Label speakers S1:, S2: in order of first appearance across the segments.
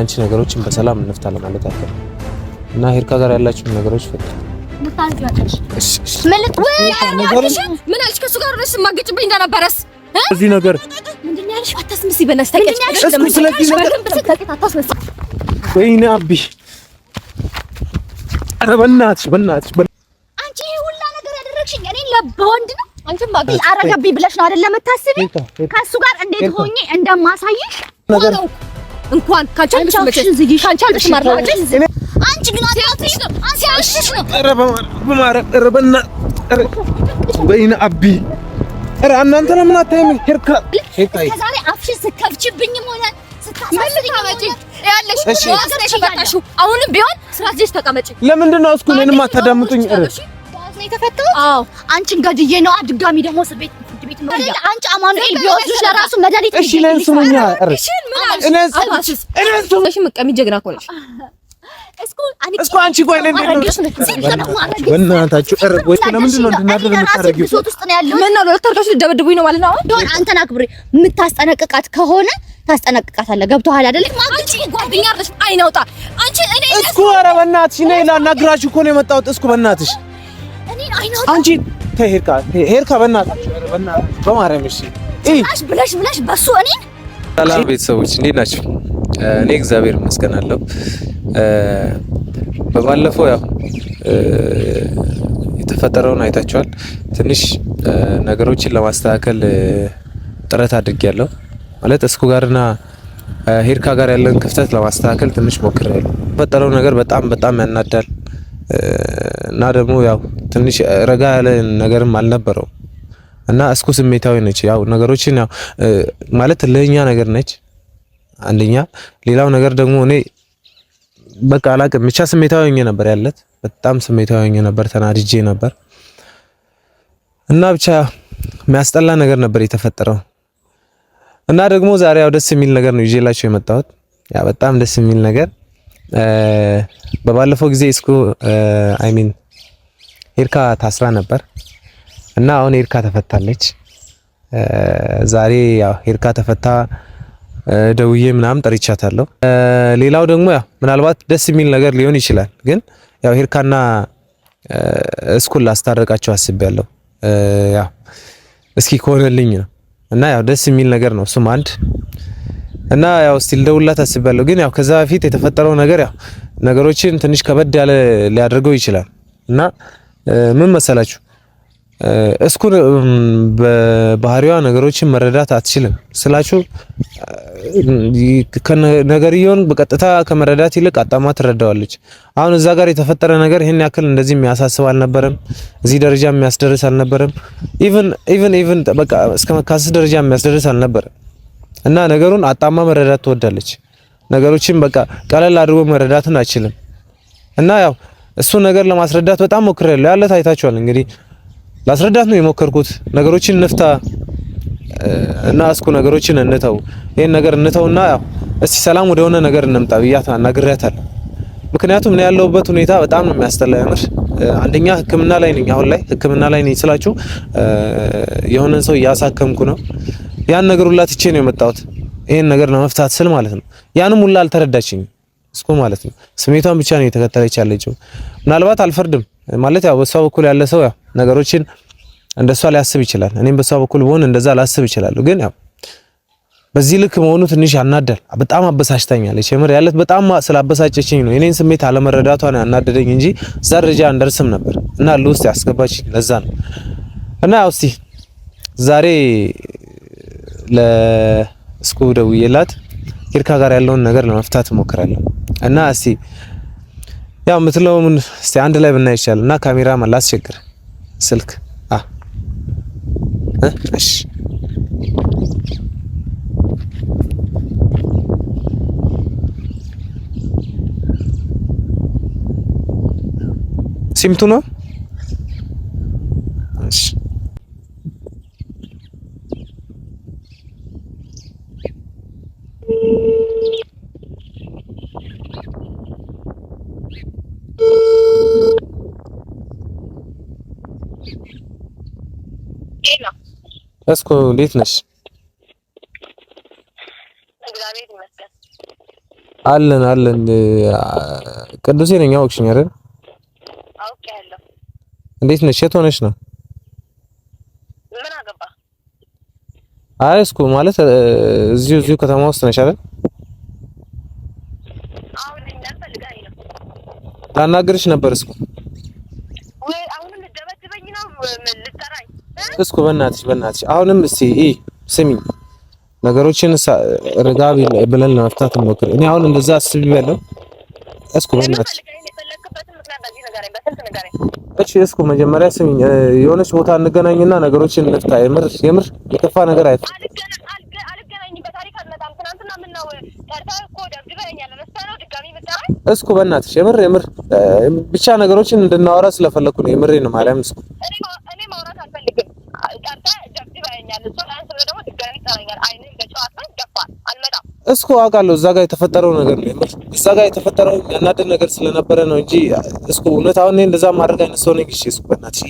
S1: አንቺ ነገሮችን በሰላም እንፍታ ለማለት አይደለም እና ሄርካ ጋር ያላችሁን ነገሮች ፈጥ እዚህ ነገር ወይኔ አቢ ኧረ በእናትሽ በእናትሽ
S2: አንቺ ሁላ ነገር ያደረግሽኝ እኔ ነው። አንቺም አቢ አረገብኝ ብለሽ ነው ጋር እንዴት ሆኜ እንደማሳይሽ እንኳን
S1: በይነ አቢ ኧረ እናንተ ለምን አታይም?
S2: አሁንም ቢሆን ስራት ተቀመጪ።
S1: ለምንድን ነው እስኩ እኔንም አታዳምጡኝ?
S2: ነው አንቺን ገድዬ ነው ድጋሚ ደግሞ እስር ቤት አንቺ አማኑኤል ቢወስዱሽ ለራሱ መድኃኒት
S1: እሺ ነን ሱመኛ
S2: እሺ ምን ጀግና እኮ ነሽ።
S1: እስኩ አንቺ ቆይ ነው በእናታችሁ እርግ ወይ ለምንድን ነው እንድናደር
S2: የምታደርጊው? ምን ነው ዶክተሮች ልደበድቡኝ ነው ማለት ነው? አሁን አንተን አክብሬ የምታስጠነቅቃት ከሆነ ታስጠነቅቃታለህ። ገብቶሃል አይደል? አንቺ ጓደኛ አይደለሽ። አይናውጣ አንቺ እኔ
S1: እስኩ፣ ኧረ በእናትሽ ነይ ላናግራችሁ እኮ ነው የመጣሁት። እስኩ በእናትሽ እኔ አንቺ ሄርካ ሄርካ በእናታችሁ በማርያም እሺ
S2: ጭራሽ ብለሽ ብለሽ በሱ እኔ
S1: ሰላም ቤተሰቦች እንዴት ናቸው? እኔ እግዚአብሔር ይመስገን አለሁ። በባለፈው ያው የተፈጠረውን አይታችኋል። ትንሽ ነገሮችን ለማስተካከል ጥረት አድርጌያለሁ። ማለት እስኩ ጋርና ሄርካ ጋር ያለን ክፍተት ለማስተካከል ትንሽ ሞክሬያለሁ። የተፈጠረው ነገር በጣም በጣም ያናዳል። እና ደግሞ ያው ትንሽ ረጋ ያለ ነገርም አልነበረውም እና እስኩ ስሜታዊ ነች። ያው ነገሮችን ያው ማለት ለኛ ነገር ነች አንደኛ። ሌላው ነገር ደግሞ እኔ በቃ አላቅም ብቻ ስሜታዊ ሆኜ ነበር ያለት። በጣም ስሜታዊ ሆኜ ነበር፣ ተናድጄ ነበር እና ብቻ የሚያስጠላ ነገር ነበር የተፈጠረው። እና ደግሞ ዛሬ ያው ደስ የሚል ነገር ነው ይዤላችሁ የመጣሁት ያ በጣም ደስ የሚል ነገር በባለፈው ጊዜ እስኩ አይ ሚን ኤርካ ታስራ ነበር እና አሁን ኤርካ ተፈታለች። ዛሬ ያው ኤርካ ተፈታ ደውዬ ምናምን ጠርቻታለሁ። ሌላው ደግሞ ያው ምናልባት ደስ የሚል ነገር ሊሆን ይችላል፣ ግን ያው ኤርካና እስኩን ላስታረቃቸው አስቤያለሁ። ያው እስኪ ከሆነልኝ ነው እና ያው ደስ የሚል ነገር ነው እሱም አንድ እና ያው እስቲ ልደውልላት አስቤያለሁ። ግን ያው ከዛ በፊት የተፈጠረው ነገር ያው ነገሮችን ትንሽ ከበድ ያለ ሊያደርገው ይችላል እና ምን መሰላችሁ እስኩ በባህሪዋ ነገሮችን መረዳት አትችልም ስላችሁ ነገርየውን በቀጥታ ከመረዳት ይልቅ አጣማ ትረዳዋለች። አሁን እዛ ጋር የተፈጠረ ነገር ይህን ያክል እንደዚህ የሚያሳስብ አልነበረም። እዚህ ደረጃ የሚያስደርስ አልነበረም። ኢቭን ኢቭን ኢቭን በቃ እስከ መካሰስ ደረጃ የሚያስደርስ አልነበረም። እና ነገሩን አጣማ መረዳት ትወዳለች። ነገሮችን በቃ ቀለል አድርጎ መረዳትን አይችልም። እና ያው እሱ ነገር ለማስረዳት በጣም ሞክሬያለሁ። ያለ ታይታችኋል እንግዲህ ላስረዳት ነው የሞከርኩት። ነገሮችን እንፍታ እና እስኩ ነገሮችን እንተው፣ ይሄን ነገር እንተውና ያው እስቲ ሰላም ወደ ሆነ ነገር እንምጣ ብያት አናግሬያታለሁ። ምክንያቱም እኔ ያለሁበት ሁኔታ በጣም ነው የሚያስጠላ። ያምር አንደኛ ሕክምና ላይ ነኝ አሁን ላይ ሕክምና ላይ ነኝ ስላችሁ የሆነን ሰው እያሳከምኩ ነው። ያን ነገር ሁላ ትቼ ነው የመጣሁት ይሄን ነገር ለመፍታት ስል ማለት ነው። ያንም ሁላ አልተረዳችኝ እስኮ ማለት ነው። ስሜቷን ብቻ ነው የተከተለች ያለችው። ምናልባት አልፈርድም ማለት ያው በሷ በኩል ያለ ሰው ያው ነገሮችን እንደሷ ሊያስብ ይችላል። እኔም በሷ በኩል ብሆን እንደዛ ላስብ ይችላል። ግን ያው በዚህ ልክ መሆኑ ትንሽ ያናደል። በጣም አበሳጭታኛለች። የምር ያለት በጣም ስላበሳጨችኝ ነው የኔን ስሜት አለመረዳቷን ያናደደኝ እንጂ እዛ ደረጃ እንደርስም ነበር እና ለውስጥ ያስገባችኝ ለዛ ነው እና ያው እስቲ ዛሬ ለእስኩ ደውዬላት ኪርካ ጋር ያለውን ነገር ለመፍታት እሞክራለሁ እና እስቲ ያው የምትለውን እስቲ አንድ ላይ ብናይ ይቻላል እና ካሜራ ላስቸግር ስልክ አ እሺ ሲምቱ ነው እስኩ እንዴት ነሽ? እግዚአብሔር ይመስገን። አለን አለን። ቅዱሴ ነኝ። አወቅሽኝ አይደል? አውቄያለሁ። እንዴት ነሽ? የት ሆነሽ ነው? ምን አገባ? አይ እስኩ ማለት እዚሁ እዚሁ ከተማ ውስጥ ነሽ አይደል? አሁን ላናግርሽ ነበር እስኩ።
S2: ወይ አሁን ልደበድበኝ ነው?
S1: እስኩ በእናትሽ በእናትሽ አሁንም እስቲ ስሚ ነገሮችን ረጋ ብለን ለመፍታት እንሞክር። እኔ አሁን እንደዛ አስቢ ያለው እስኩ በእናትሽ እሺ፣ እስኩ መጀመሪያ ስሚኝ፣ የሆነች ቦታ እንገናኝና ነገሮችን እንፍታ። የምር የምር የከፋ ነገር አይፈ እስኩ በእናትሽ የምር የምር ብቻ ነገሮችን እንድናወራ ስለፈለኩ ነው። የምሬ ነው ማርያም እስኩ እስኩ ጀብድ ባይኛል አውቃለሁ። እዛ ጋር የተፈጠረው ነገር ነው እዛ ጋር የተፈጠረው ያናደድ ነገር ስለነበረ ነው እንጂ እስኮ እውነት አሁን እንደዛ ማድረግ አይነት ሰው ነኝ። እሺ በእናትሽ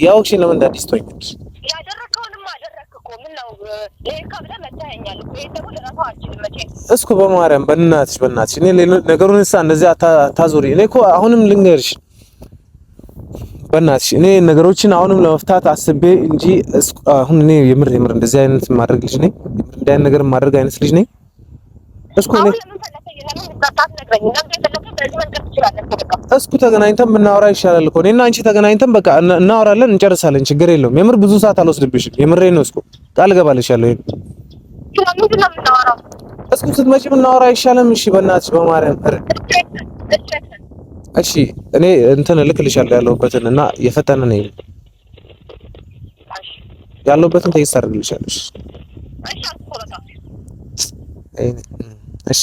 S1: ለምን እንዳዲስ ትሆኛለሽ? እስኩ በማርያም በእናትሽ በእናትሽ እኔ ነገሩን እሳ እንደዚህ አታዞሪ። እኔ እኮ አሁንም ልንገርሽ በእናትሽ እኔ ነገሮችን አሁንም ለመፍታት አስቤ እንጂ አሁን እኔ የምር የምር እንደዚህ አይነት ማድረግ ልጅ ነኝ። እንደዚህ አይነት ነገር ማድረግ አይነት ልጅ ነኝ። እስኩ እኔ እስኩ ተገናኝተን ብናወራ ይሻላል እኮ እኔና አንቺ ተገናኝተን በቃ እናወራለን፣ እንጨርሳለን። ችግር የለውም። የምር ብዙ ሰዓት አልወስድብሽም። የምሬ ነው። እስኩ ቃል እገባልሻለሁ። እስኩ ስትመጪ ብናወራ ይሻለም። እሺ፣ በእናትሽ በማርያም እሺ እኔ እንትን እልክልሻለሁ ያለሁበትን እና የፈጠነ ነኝ ያለሁበትን ቴክስት አድርግልሻለሽ። እሺ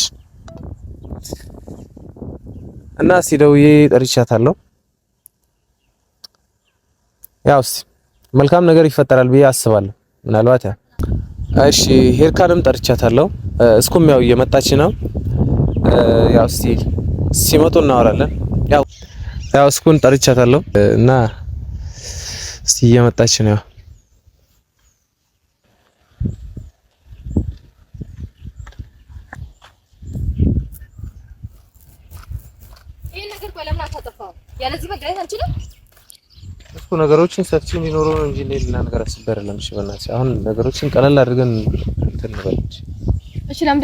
S1: እና እስኪ ደውዬ ጠርቻታለሁ። ያው እስኪ መልካም ነገር ይፈጠራል ብዬ አስባለሁ። ምናልባት ያ እሺ ሄርካንም ጠርቻታለሁ። እስኩም ያው እየመጣች ነው። ያው እስኪ ሲመጡ እናወራለን። ያው ያው እስኩን ጠርቻታለሁ እና እስቲ እየመጣች ነው። እኮ ነገሮችን ሰፊ እንዲኖረው ነው እንጂ ሌላ ነገር አስበር ለምሽ በእናትሽ አሁን ነገሮችን ቀለል አድርገን እንትን እንበል። እሺ ለምን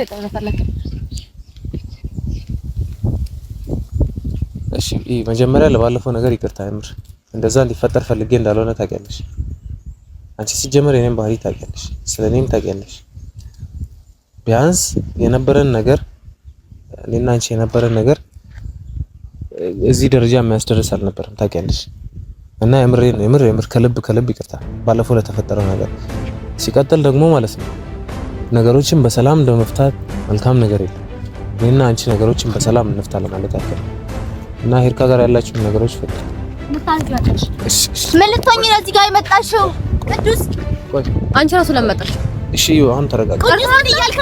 S1: መጀመሪያ ለባለፈው ነገር ይቅርታ የምር እንደዛ ሊፈጠር ፈልጌ እንዳልሆነ ታውቂያለሽ። አንቺ ሲጀመር የኔም ባህሪ ታውቂያለሽ፣ ስለ እኔም ታውቂያለሽ። ቢያንስ የነበረን ነገር እኔና አንቺ የነበረን ነገር እዚህ ደረጃ የሚያስደርስ አልነበረም ታውቂያለሽ። እና የምር የምር የምር ከልብ ከልብ ይቅርታ ባለፈው ለተፈጠረው ነገር። ሲቀጥል ደግሞ ማለት ነው ነገሮችን በሰላም ለመፍታት መልካም ነገር የለም። እኔና አንቺ ነገሮችን በሰላም እንፍታ ለማለት ያክል እና ሄርካ ጋር ያላችሁ ነገሮች ፈጥ
S2: ምን እዚህ ጋር የመጣሽው? ቅዱስ አንቺ ራሱ ለመጣሽ።
S1: እሺ አሁን ተረጋጋ። ቤት ምን ያክል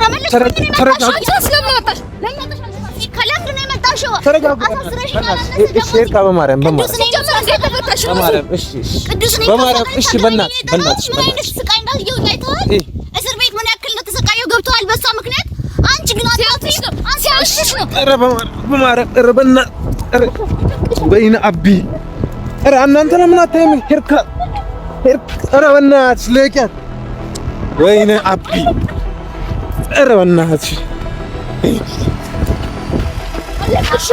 S1: ወይን አቢ ኧረ እናንተ ለምን አታይም? ሄርካ ኧረ በእናትሽ ለቂያት ወይኔ አቢ ኧረ በእናትሽ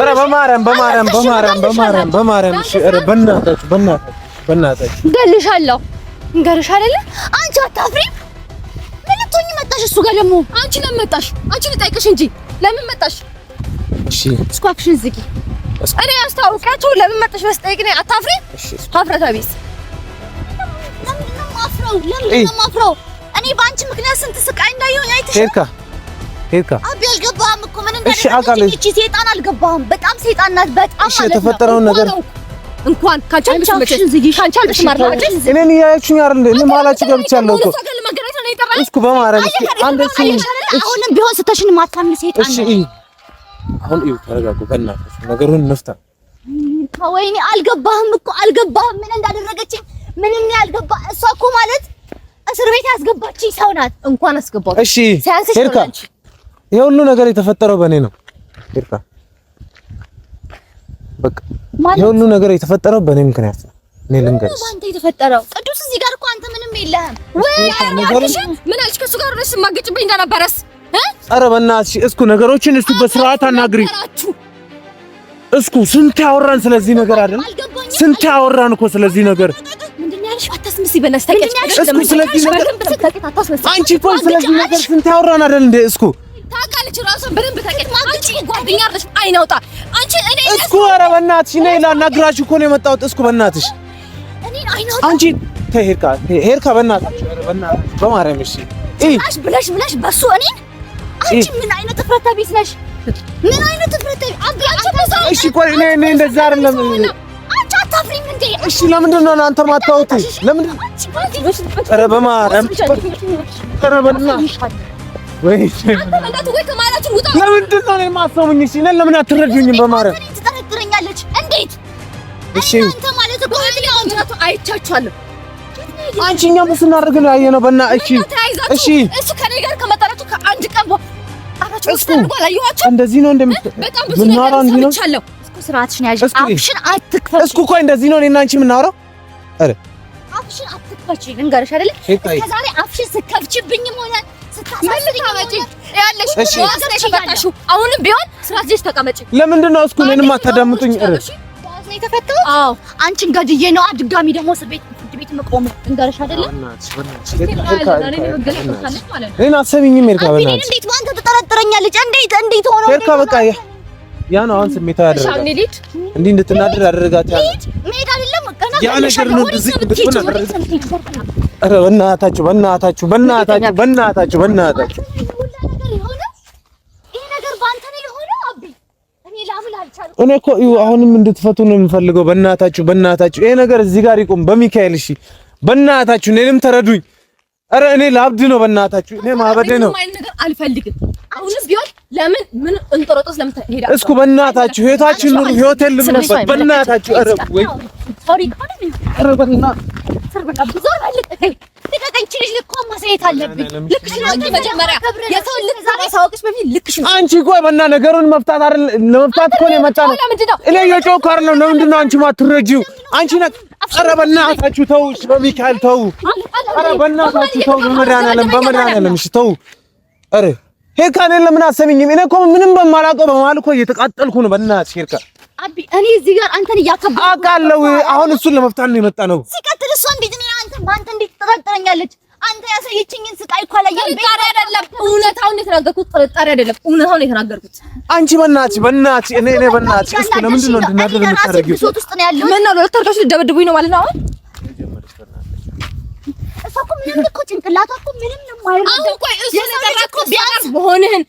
S1: ኧረ በማርያም በማርያም በማርያም በማርያም በማርያም እሺ ኧረ በእናታችሁ በእናታችሁ በእናታችሁ
S2: እገልሻለሁ እንገርሽ አንቺ አታፍሪም? ምን ልትሆኚ መጣሽ? እሱ ጋር ደግሞ አንቺ ለምን መጣሽ? አንቺ ልጠይቅሽ እንጂ ለምን መጣሽ? እሺ እስኳክሽን ዝጊ እኔ አስታውቂያቸው ለምን መጣሽ በስጠይቅ ነኝ። አታፍሪ ሀፍረተ ቢስ ለምንድን
S1: አሁን እዩ፣ ተረጋጉ። በእናታችሁ ነገሩን እንፍታ።
S2: ወይኔ አልገባህም እኮ አልገባህም፣ ምን እንዳደረገችኝ ምንም ያልገባ። እሷ እኮ ማለት እስር ቤት ያስገባችኝ ሰው ናት። እንኳን አስገባችሁ።
S1: እሺ ሄርካ፣ ይሄ ሁሉ ነገር የተፈጠረው በእኔ ነው ሄርካ። በቃ ይሄ ሁሉ ነገር የተፈጠረው በእኔ ምክንያት ነው። እኔ ልንገርሽ፣ አንተ
S2: የተፈጠረው ቅዱስ፣ እዚህ ጋር እኮ አንተ ምንም የለህም። ወይ ምን አልሽ? ከእሱ ጋር ሆነሽ ማገጭብኝ እንደነበረስ
S1: ኧረ በእናትሽ እስኩ ነገሮችን እስኩ በስርዓት አናግሪ። እስኩ ስንት ያወራን ስለዚህ ነገር አይደል? ስንት ያወራን እኮ ስለዚህ ነገር አንቺ እኮ ስለዚህ ነገር ስንት ያወራን አይደል እንዴ? እስኩ
S2: ታውቃለች ራሷን በደንብ ታውቂያት። ማግጭ ጓደኛ አለሽ አይናውጣ አንቺ እኔ
S1: እስኩ ኧረ በእናትሽ እኔ ላናግራችሁ እኮ ነው የመጣሁት። እስኩ በእናትሽ አንቺ ተይ ሄርካ፣ ሄርካ በእናትሽ በማርያም እሺ፣
S2: ብለሽ ብለሽ እኔን አንቺ ምን አይነት እፍረተ ቢስ ነሽ? ምን አይነት እፍረተ ቢስ
S1: እሺ፣ ቆይ እኔ እኔ እንደዛ አይደለም። እሺ፣ ለምንድን ነው ነው? ለምን አትረዱኝም? በማርያም ትጠረጥረኛለች። እንዴት? አንቺ እኛ ሙስና አድርገን ያየነው በእናትሽ እሺ፣ እሺ እሱ ከኔ ጋር እንደዚህ ነው እንደምናወራው እንደዚህ ነው እኔና አንቺ የምናወራው። ኧረ
S2: አፍሽን አትክፈቺ ልንገርሽ አይደለ? እስከዛሬ አፍሽን ስከፍቺብኝም ሆነ አሁንም ቢሆን ስራሽ ተቀመጪ።
S1: ለምንድን ነው እስኩ እኔንም አታዳምጡኝ?
S2: አንቺን ገድዬ ነው ድጋሚ ደግሞ እስር ቤት
S1: ቤት መቆም እንዳለሽ አይደለ? እኔን አሰብኝም ሄርካ በእናትሽ እንዴት አንተ ትጠረጥረኛለች? እንዴት እንዴት ሆነ ሄርካ? በቃ ያ ነው አሁን ስሜታ ያደረጋት እንዲህ እንድትናደድ ያደረጋት ሜዳ ያ ነገር ነው። እዚህ ብትሆን አደረጋት። ኧረ በእናታችሁ በእናታችሁ በእናታችሁ በእናታችሁ በእናታችሁ እኔ እኮ አሁንም እንድትፈቱ ነው የምፈልገው። በእናታችሁ በእናታችሁ ይሄ ነገር እዚህ ጋር ይቆም። በሚካኤል እሺ፣ በእናታችሁ እኔንም ተረዱኝ። ኧረ እኔ ላብድ ነው በእናታችሁ። እኔ ማበዴ ነው አልፈልግም አሁንስ ቢሆን ለምን ምን እንጦሮጦስ ለምን ሄዳ? እስኩ በእናታችሁ ህይወታችን ኑሩ፣ ህይወት የለም በእናታችሁ አረ ወይ ሶሪ አንቺ ቆይ በእና ነገሩን መፍታት አይደል ለመፍታት እኮ ነው የመጣነው። እኔ እየጮኩ አይደለም። ለምንድን ነው አንቺ ማትረጂው? አንቺ ነህ። አረ በእናታችሁ ተው፣ በሚካኤል ተው። አረ በእናታችሁ ተው፣ በመድኃኒዓለም በመድኃኒዓለም ተው። አረ ሄርካ እኔን ለምን አሰብኝም? እኔ እኮ ምንም በማላውቀው በማልኮ እየተቃጠልኩ ነው። በእናትሽ ሄርካ
S2: አቢ፣ እኔ እዚህ ጋር አንተን እያከበርኩ
S1: አውቃለሁ። አሁን እሱን ለመፍታት ነው የመጣ ነው።
S2: ሲቀጥል እሷ እንዴት ነው አንተ በአንተ እንዴት ትጠረጥረኛለች? አንተ ያሳየችኝን ስቃይ እኮ ላይ ጥርጣሬ አይደለም፣ እውነታውን የተናገርኩት።
S1: ጥርጣሬ አይደለም፣ እውነታውን ነው የተናገርኩት። አንቺ በእናትሽ በእናትሽ እኔ እኔ በእናትሽ እሱ ነው ነው እንድናደርግ የምታደርጊው?
S2: ምን ነው ለተርካሽ ደብድቡኝ ነው ማለት ነው አሁን እሷ እኮ ምንም እኮ ጭንቅላቷ እኮ ምንም ነው የማይረዳው። አሁን ቆይ እሱ ነገር መሆንህን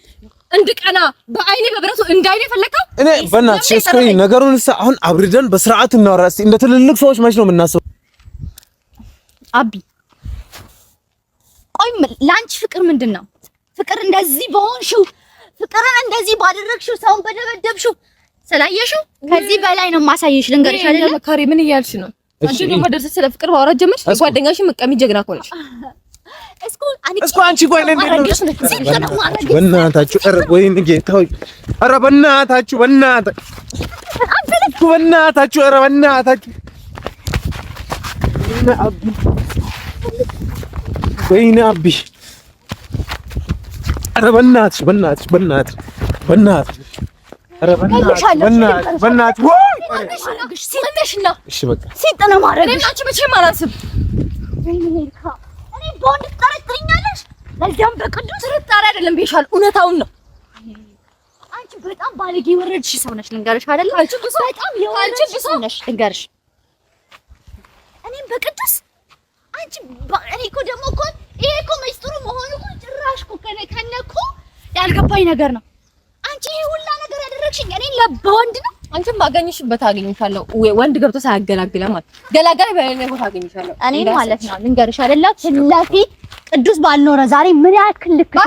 S2: እንድቀና በአይኔ በብረቱ እንዳይኔ ፈለከው።
S1: እኔ በእናትሽ እስኪ ነገሩን አሁን አብርደን በስርዓት እናወራ እስኪ። እንደ ትልልቅ ሰዎች መች ነው የምናስበው?
S2: አቢ ቆይ፣ ለአንቺ ፍቅር ምንድን ነው? ፍቅር እንደዚህ በሆንሽው፣ ፍቅርን እንደዚህ ባደረግሽው፣ ሰውን በደበደብሽው፣ ስላየሽው ከዚህ በላይ ነው ማሳየሽ። ልንገርሽ አይደለም መካሪ፣ ምን እያልሽ ነው? አንቺ ደግሞ ደርሰሽ ስለ ፍቅር ባወራ ጀመርሽ። ጓደኛሽን መቀሚ ጀግና እኮ ነሽ።
S1: እስኮ አንቺ ቆይ ነው በእናታችሁ፣ ኧረ ወይኔ አቢ፣ ኧረ በእናትሽ፣ በእናትሽ፣ በእናትሽ፣ በእናትሽ፣ ኧረ በእናትሽ፣ በእናትሽ፣ በእናትሽ፣ ወይ
S2: ሲጥ ነው ማድረግሽ። እኔ አንቺ መቼም አላስብም በወንድ ትጠረጥሪኛለሽ? ለዚያም በቅዱስ ጥርጣሬ አይደለም ብዬሻል፣ እውነታውን ነው። አንቺ በጣም ባለጌ የወረድሽ ሰው ነሽ ልንገርሽ፣ አይደለም አንቺ ብዙ በጣም የወረድሽ ሰው ነሽ ልንገርሽ። እኔም በቅዱስ አንቺ እኔ እኮ ደግሞ እኮ ይሄ እኮ ሚስጥሩ መሆኑ እኮ ጭራሽ እኮ ከነ ከነ እኮ ያልገባኝ ነገር ነው። አንቺ ይሄ ሁላ ነገር ያደረግሽኝ እኔ ለበወንድ ነው አንቺም ባገኝሽበት አገኝሻለሁ። ወንድ ገብቶ ሳያገላግለ ማለት ገላጋይ በሌለ ቦታ አገኝሻለሁ። እኔ ማለት ነው ልንገርሽ አይደለ ፊት ለፊት ቅዱስ ባልኖረ ዛሬ ምን ያክል ልክ ነው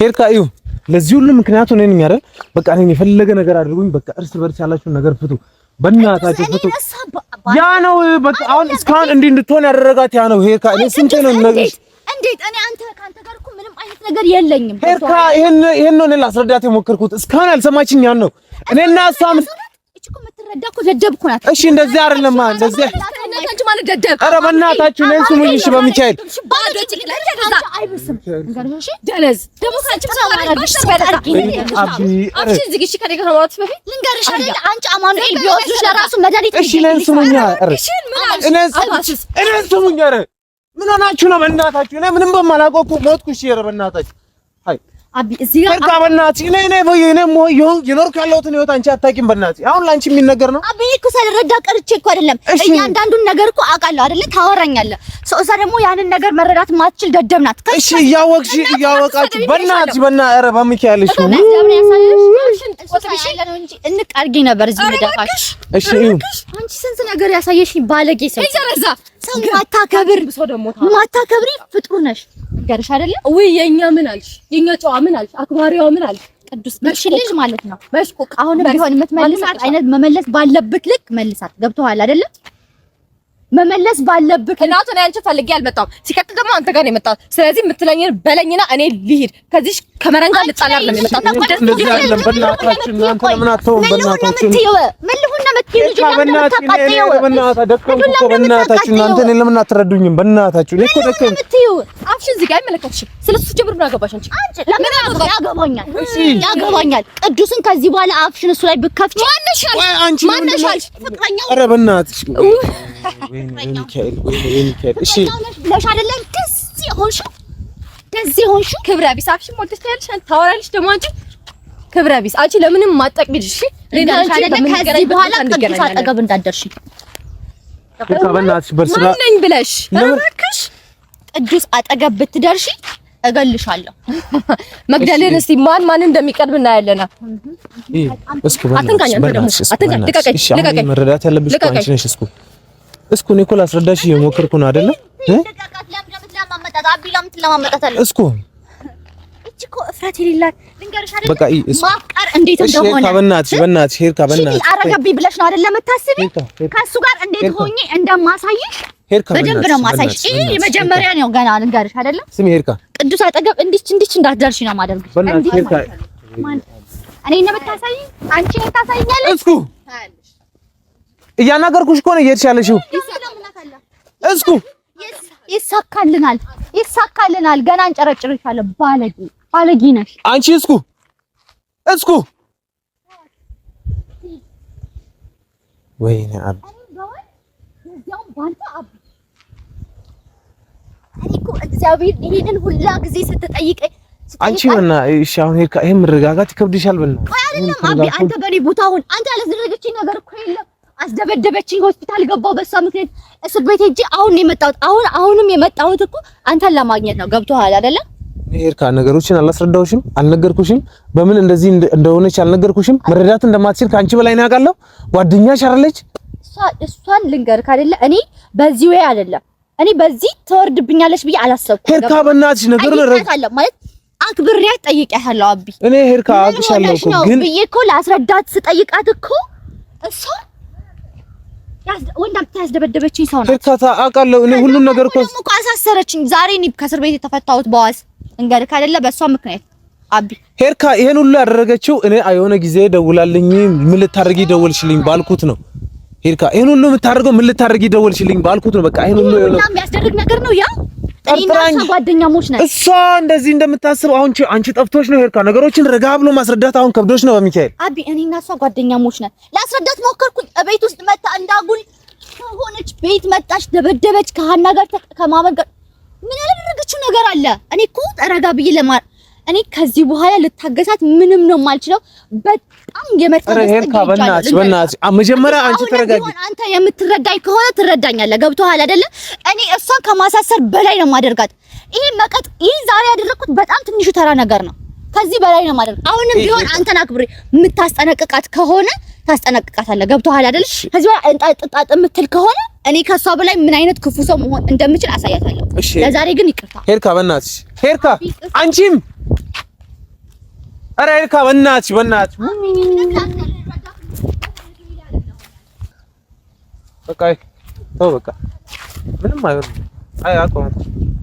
S1: ሄርካ እዩ። ለዚህ ሁሉ ምክንያቱ እኔ ነኝ በቃ የፈለገ ነገር አድርጉኝ። በቃ እርስ በርስ ያላችሁን ነገር ፍቱ። በእናታችሁ ፍቱ። ያ ነው በቃ አሁን እስካሁን እንዲህ እንድትሆን ያደረጋት ያ ነው። ሄርካ እኔ ስንቴ ነው ነገርሽ?
S2: እንዴት እኔ አንተ ካንተ ጋር እኮ ምንም አይነት ነገር የለኝም።
S1: ሄርካ ይሄን ይሄን ነው ላስረዳት የሞከርኩት እስካሁን አልሰማችኝ። ያን ነው እኔና እሷም እቺ እኮ የምትረዳ እኮ ደደብ እኮ ናት። እሺ እንደዚህ አይደለም እንደዚህ ምን ሆናችሁ ነው? በእናታችሁ ምንም በማላውቀው እኮ ሞትኩ። እሺ ኧረ በእናታችሁ አቢ እዚህ ጋር በቃ በእናትሽ እኔ እኔ ወይ እኔ ሞ የኖርኩ ያለሁትን ህይወት አንቺ አታውቂም። በእናትሽ አሁን ለአንቺ የሚነገር ነው።
S2: አቢ እኮ ሳልረዳ ቀርቼ እኮ አይደለም። እያንዳንዱን ነገር እኮ አውቃለሁ አይደለ? ታወራኛለህ። ሰው እዛ ደግሞ ያንን ነገር መረዳት ማትችል ደደብ ናት።
S1: እሺ፣ እያወቅሽ እያወቃችሁ በእናትሽ በእና ኧረ በሚካኤል እሺ፣ እንቅ ነበር
S2: እዚህ የምደፋሽ። እሺ፣ አንቺ ስንት ነገር ያሳየሽ ባለጌ ሰው ሰው ማታከብር ማታከብሪ ፍጡር ነሽ። ገርሽ አይደለም ወይ የኛ ምን አልሽ የኛ ጨዋ ምን አልሽ? አክባሪዋ ምን አልሽ? ቅዱስ ማለት ነው። ቢሆን የምትመልሳት አይነት መመለስ ባለብክ ልክ መልሳት። ገብቶሃል አይደለም? መመለስ ባለብክ እናቱ ነው። አንቺ ፈልጌ አልመጣሁም። ሲቀጥል ደግሞ አንተ ጋር ነው የመጣሁት። ስለዚህ የምትለኝን በለኝና እኔ ልሂድ። ከዚህ የመጣሁት።
S1: በእናታችሁ እናንተ እኔን ለምን አትረዱኝም? በእናታችሁ
S2: እኔ እኮ ደከመኝ። አፍሽን ዝጋ። አይመለከትሽም። ስለሱ ጀምር ምን አገባሽ አንቺ? ያገባኛል፣ ያገባኛል። ቅዱስን ከዚህ በኋላ አፍሽን እሱ ላይ ብከፍች ማነሻል? ክብረ ቢስ አፍሽን ሞልተሽ ታያለሽ፣ ታወራለሽ ደግሞ አንቺ ክብረ ቢስ አንቺ ለምንም ማጠቅድ እሺ። ሌላ ከዚህ በኋላ ቅዱስ አጠገብ እንዳደርሽ ማነኝ ብለሽ እባክሽ ቅዱስ አጠገብ ብትደርሺ እገልሻለሁ። መግደልን እስቲ ማን ማን እንደሚቀርብ እናያለን።
S1: መረዳት ያለብሽ አንቺ እስኩ እኔ እኮ ላስረዳሽ እየሞከርኩ ነው አይደለ?
S2: ይቺ እኮ እፍረት የሌላት ልንገርሽ ማፍቀር እንዴት
S1: እንደሆነ በእናትሽ በእናትሽ ሄርካ በእናትሽ
S2: አረገብኝ ብለሽ ነው አይደል የምታስቢ? ከእሱ ጋር እንዴት ሆኜ እንደማሳይሽ በደንብ ነው የማሳይሽ። ይሄ የመጀመሪያ ነው ገና ልንገርሽ አይደለም። ስሚ ሄርካ፣ ቅዱስ አጠገብ እንዲች እንዲች እንዳትደርሺ ነው የማደርግሽ። እኔ ነው አንቺ ነው የምታሳይኛለሽ?
S1: እስኩ እያናገርኩሽ እየሄድሽ ያለሽው። እስኩ
S2: ይሳካልናል፣ ይሳካልናል። ገና እንጨረጭርሻለሁ ባለጌ ባለጌ ነሽ
S1: አንቺ። እስኩ እስኩ ወይኔ አብ
S2: እግዚአብሔር ይሄንን ሁላ ጊዜ ስትጠይቀኝ
S1: አንቺ እና እሺ፣ አሁን ይሄ መረጋጋት ይከብድሻል። በል
S2: አይደለም አቢ፣ አንተ በኔ ቦታ ሁን። አንተ ያላስደረገችኝ ነገር እኮ የለም። አስደበደበችኝ፣ ሆስፒታል ገባሁ በሷ ምክንያት እስር ቤት ሄጄ አሁን የመጣሁት አሁን አሁንም የመጣሁት እኮ አንተን ለማግኘት ነው። ገብቶሃል አይደለም?
S1: ኤርካ ነገሮችን አላስረዳሁሽም፣ አልነገርኩሽም። በምን እንደዚህ እንደሆነች አልነገርኩሽም። መረዳት እንደማትችል ከአንቺ በላይ ነው ያውቃለሁ። ጓደኛሽ አይደለች
S2: እሷን ልንገርክ አይደለ እኔ በዚህ ወይ አይደለም እኔ በዚህ ትወርድብኛለች ብዬ አላሰብኩም።
S1: ሄርካ በእናትሽ ነገር ረጋለ
S2: ማለት አክብሬያት ጠይቄያታለሁ። አቢ
S1: እኔ ሄርካ አቅሻለሁ እኮ
S2: ግን ብዬ እኮ ላስረዳት ስጠይቃት እኮ እሷ ወንድ አምጥታ ያስደበደበችኝ ሰው ነው።
S1: ሄርካ አውቃለሁ እኔ ሁሉን ነገር እኮ
S2: አሳሰረችኝ። ዛሬ እኔ ከእስር ቤት የተፈታሁት በዋስ እንግዲህ ካደለ በእሷ ምክንያት
S1: አቢ ሄርካ ይሄን ሁሉ ያደረገችው እኔ የሆነ ጊዜ ደውላልኝ ምን ልታደርጊ ደወልሽልኝ ባልኩት ነው። ሄርካ ይሄን ሁሉ የምታደርገው ምን ልታደርጊ ደወልሽልኝ ባልኩት ነው። በቃ ይሄን ሁሉ
S2: የሚያስደርግ ነገር ነው ያ
S1: እሷ እንደዚህ እንደምታስብ አሁን አንቺ ጠፍቶሽ ነው ሄርካ። ነገሮችን ረጋ ብሎ ማስረዳት አሁን ከብዶሽ ነው በሚካኤል
S2: አቢ። እኔ እና እሷ ጓደኛሞች ነን። ላስረዳት ሞከርኩኝ። እቤት ውስጥ መጣ እንዳጉል ሆነች። ቤት መጣች፣ ደበደበች ከሀና ጋር ከማመን ጋር ምን ያላደረገችው ነገር አለ? እኔ እኮ ጠረጋ ብዬ ለማ እኔ ከዚህ በኋላ ልታገሳት ምንም ነው የማልችለው። በጣም የመጣው
S1: ሄርካ፣ በእናትሽ በእናትሽ መጀመሪያ አንቺ ተረጋጊ።
S2: አንተ የምትረዳኝ ከሆነ ትረዳኛለህ። ገብቶሃል አይደለ? እኔ እሷን ከማሳሰር በላይ ነው የማደርጋት። ይሄ መቀጥ ይሄ ዛሬ ያደረኩት በጣም ትንሹ ተራ ነገር ነው። ከዚህ በላይ ነው ማለት ነው። አሁንም ቢሆን አንተን አክብሬ የምታስጠነቅቃት ከሆነ ታስጠነቅቃታለህ። ገብቶሃል አይደል? ከዚህ በኋላ እንጣጥጣጥ የምትል ከሆነ እኔ ከሷ በላይ ምን አይነት ክፉ ሰው መሆን እንደምችል አሳያታለሁ። ለዛሬ ግን ይቅርታ
S1: ሄርካ፣ በእናትሽ ሄርካ፣ አንቺም ኧረ ሄርካ፣ በእናትሽ በእናትሽ በቃ ተው፣ በቃ ምንም አይሆንም። አይ አቆም